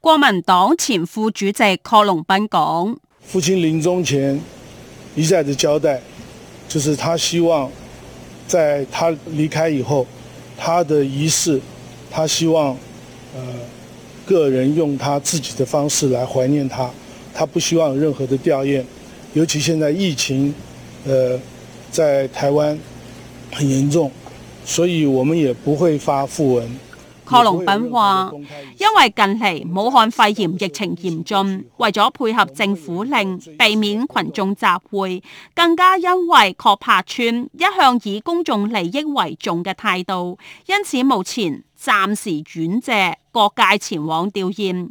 國民黨前副主席郝龍斌講：父親臨終前一再的交代，就是他希望在他離開以後，他的儀式，他希望、呃，個人用他自己的方式來懷念他，他不希望有任何的弔唁，尤其現在疫情，呃，在台灣很嚴重，所以我們也不會發訃文。郝龍斌話：因為近期武漢肺炎疫情嚴峻，為咗配合政府令，避免群眾集會，更加因為郝柏村一向以公眾利益為重嘅態度，因此目前暫時婉謝各界前往弔唁，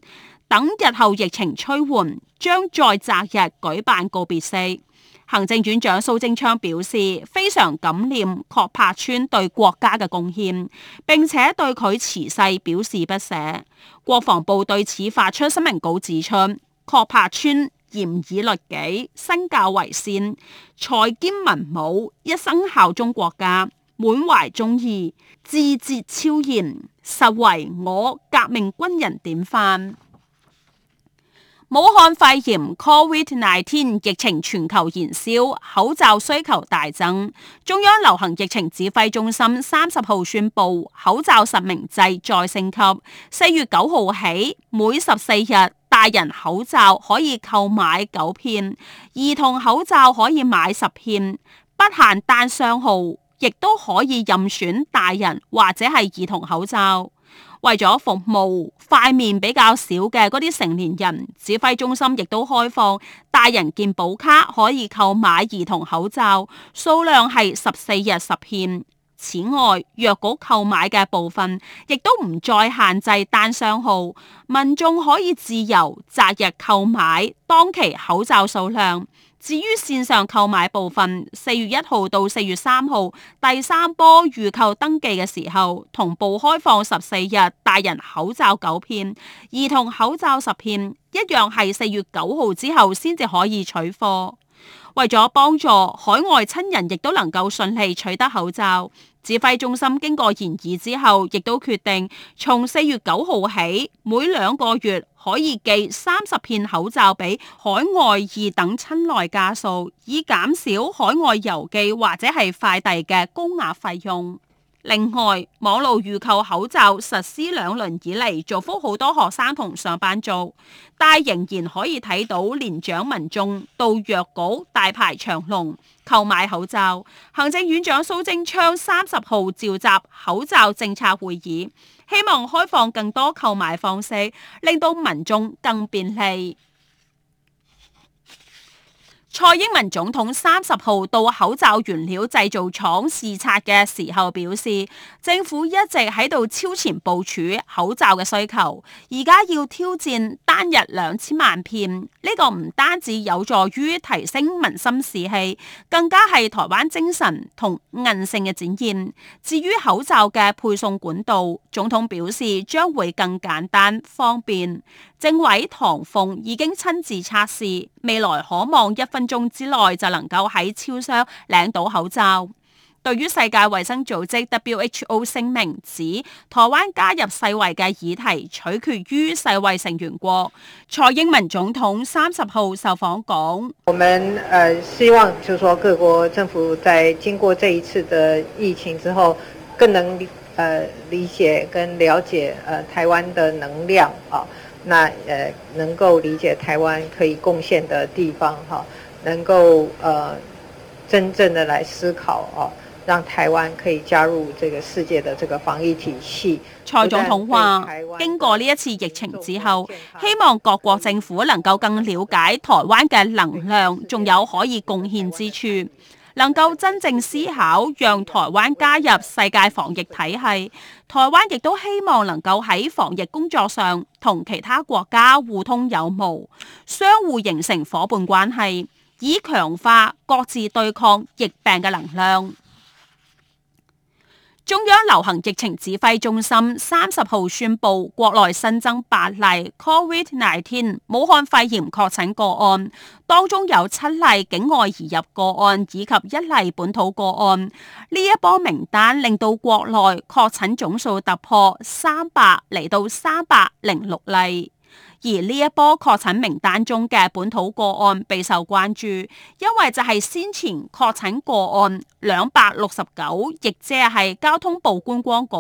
等日後疫情趨緩，將再擇日舉辦告別式。行政院長蘇貞昌表示，非常感念郝柏村對國家嘅貢獻，並且對佢辭世表示不捨。國防部對此發出新聞稿指出，郝柏村嚴以律己、身教為先、才兼文武，一生效忠國家，滿懷忠義，志節超然，實為我革命軍人典範。武漢肺炎 （Covid-19） 疫情全球延燒，口罩需求大增。中央流行疫情指揮中心三十號宣布，口罩實名制再升級。四月九號起，每十四日大人口罩可以購買九片，兒童口罩可以買十片，不限單雙號，亦都可以任選大人或者係兒童口罩。為咗服務塊面比較少嘅嗰啲成年人，指揮中心亦都開放大人健保卡可以購買兒童口罩，數量係十四日十片。此外，若果購買嘅部分亦都唔再限制單雙號，民眾可以自由擇日購買當期口罩數量。至於線上購買部分，四月一號到四月三號第三波預購登記嘅時候，同步開放十四日大人口罩九片，兒童口罩十片，一樣係四月九號之後先至可以取貨。為咗幫助海外親人亦都能夠順利取得口罩。指揮中心經過研議之後，亦都決定從四月九號起，每兩個月可以寄三十片口罩俾海外二等親內家屬，以減少海外郵寄或者係快遞嘅高額費用。另外，網路預購口罩實施兩輪以嚟，造福好多學生同上班族，但仍然可以睇到年長民眾到藥局大排長龍購買口罩。行政院長蘇貞昌三十號召集口罩政策會議，希望開放更多購買方式，令到民眾更便利。蔡英文總統三十號到口罩原料製造廠視察嘅時候表示，政府一直喺度超前部署口罩嘅需求，而家要挑戰。一日兩千萬片，呢個唔單止有助於提升民心士氣，更加係台灣精神同韌性嘅展現。至於口罩嘅配送管道，總統表示將會更簡單方便。政委唐鳳已經親自測試，未來可望一分鐘之內就能夠喺超商領到口罩。對於世界衛生組織 WHO 聲明指台灣加入世衛嘅議題，取決於世衛成員國。蔡英文總統三十號受訪講：我們誒、呃、希望，就是說各國政府在經過這一次的疫情之後，更能誒、呃、理解跟了解誒、呃、台灣的能量啊，那誒、呃、能夠理解台灣可以貢獻的地方哈、啊，能夠誒、呃、真正的來思考啊。讓台灣可以加入這個世界的這個防疫體系。蔡總統話：經過呢一次疫情之後，希望各國政府能夠更了解台灣嘅能量，仲有可以貢獻之處，能夠真正思考讓台灣加入世界防疫體系。台灣亦都希望能夠喺防疫工作上同其他國家互通有無，相互形成夥伴關係，以強化各自對抗疫病嘅能量。中央流行疫情指揮中心三十號宣布，國內新增八例 COVID-19 武漢肺炎確診個案，當中有七例境外移入個案以及一例本土個案。呢一波名單令到國內確診總數突破三百，嚟到三百零六例。而呢一波確診名單中嘅本土個案備受關注，因為就係先前確診個案兩百六十九，亦即係交通部觀光局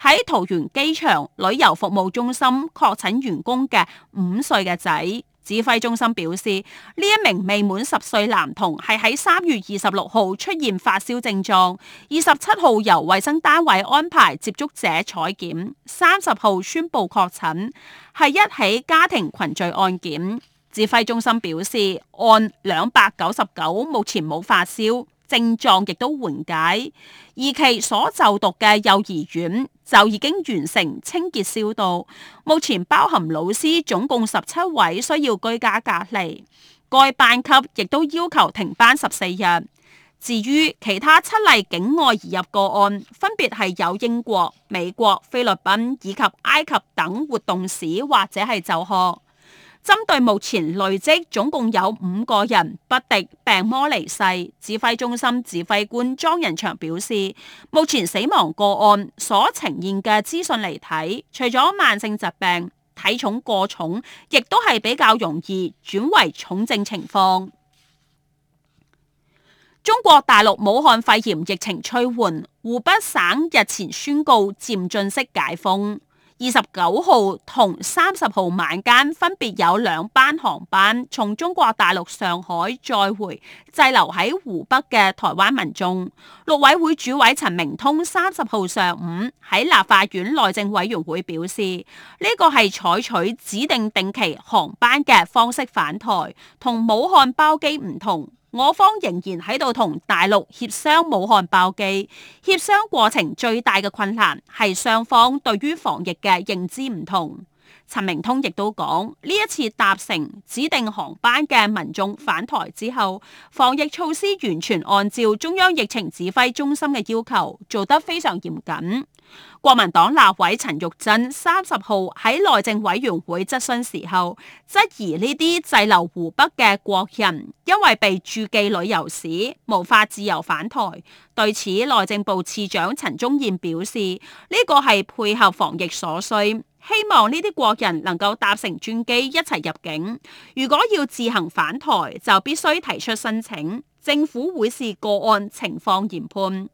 喺桃園機場旅遊服務中心確診員工嘅五歲嘅仔。指揮中心表示，呢一名未滿十歲男童係喺三月二十六號出現發燒症狀，二十七號由衛生單位安排接觸者採檢，三十號宣布確診，係一起家庭群聚案件。指揮中心表示，案兩百九十九目前冇發燒。症狀亦都緩解，而其所就讀嘅幼兒園就已經完成清潔消毒。目前包含老師總共十七位需要居家隔離，該班級亦都要求停班十四日。至於其他七例境外移入個案，分別係有英國、美國、菲律賓以及埃及等活動史或者係就學。針對目前累積總共有五個人不敵病魔離世，指揮中心指揮官莊人祥表示，目前死亡個案所呈現嘅資訊嚟睇，除咗慢性疾病、體重過重，亦都係比較容易轉為重症情況。中國大陸武漢肺炎疫情趨緩，湖北省日前宣告漸進式解封。二十九號同三十號晚間分別有兩班航班從中國大陸上海載回滯留喺湖北嘅台灣民眾。陸委會主委陳明通三十號上午喺立法院內政委員會表示，呢、這個係採取指定定期航班嘅方式返台，同武漢包機唔同。我方仍然喺度同大陸協商武漢包機，協商過程最大嘅困難係雙方對於防疫嘅認知唔同。陳明通亦都講，呢一次搭乘指定航班嘅民眾返台之後，防疫措施完全按照中央疫情指揮中心嘅要求，做得非常嚴謹。國民黨立委陳玉珍三十號喺內政委員會質詢時候，質疑呢啲滯留湖北嘅國人因為被注記旅遊史，無法自由返台。對此，內政部次長陳宗彥表示，呢、這個係配合防疫所需，希望呢啲國人能夠搭乘專機一齊入境。如果要自行返台，就必須提出申請，政府會視個案情況研判。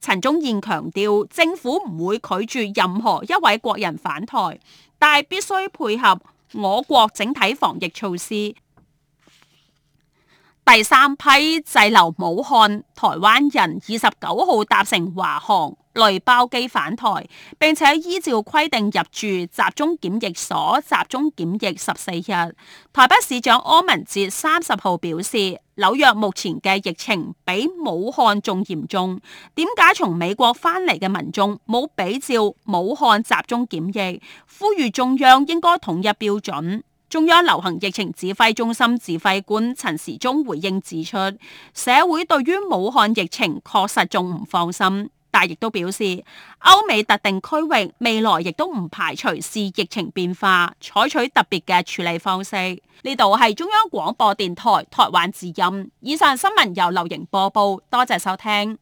陳宗彥強調，政府唔會拒絕任何一位國人返台，但係必須配合我國整體防疫措施。第三批滯留武漢台灣人二十九號搭乘華航類包機返台，並且依照規定入住集中檢疫所，集中檢疫十四日。台北市長柯文哲三十號表示，紐約目前嘅疫情比武漢仲嚴重，點解從美國翻嚟嘅民眾冇比照武漢集中檢疫？呼籲中央應該統一標準。中央流行疫情指揮中心指揮官陳時中回應指出，社會對於武漢疫情確實仲唔放心。但亦都表示，歐美特定區域未來亦都唔排除視疫情變化，採取特別嘅處理方式。呢度係中央廣播電台台灣之音，以上新聞由劉瑩播報，多謝收聽。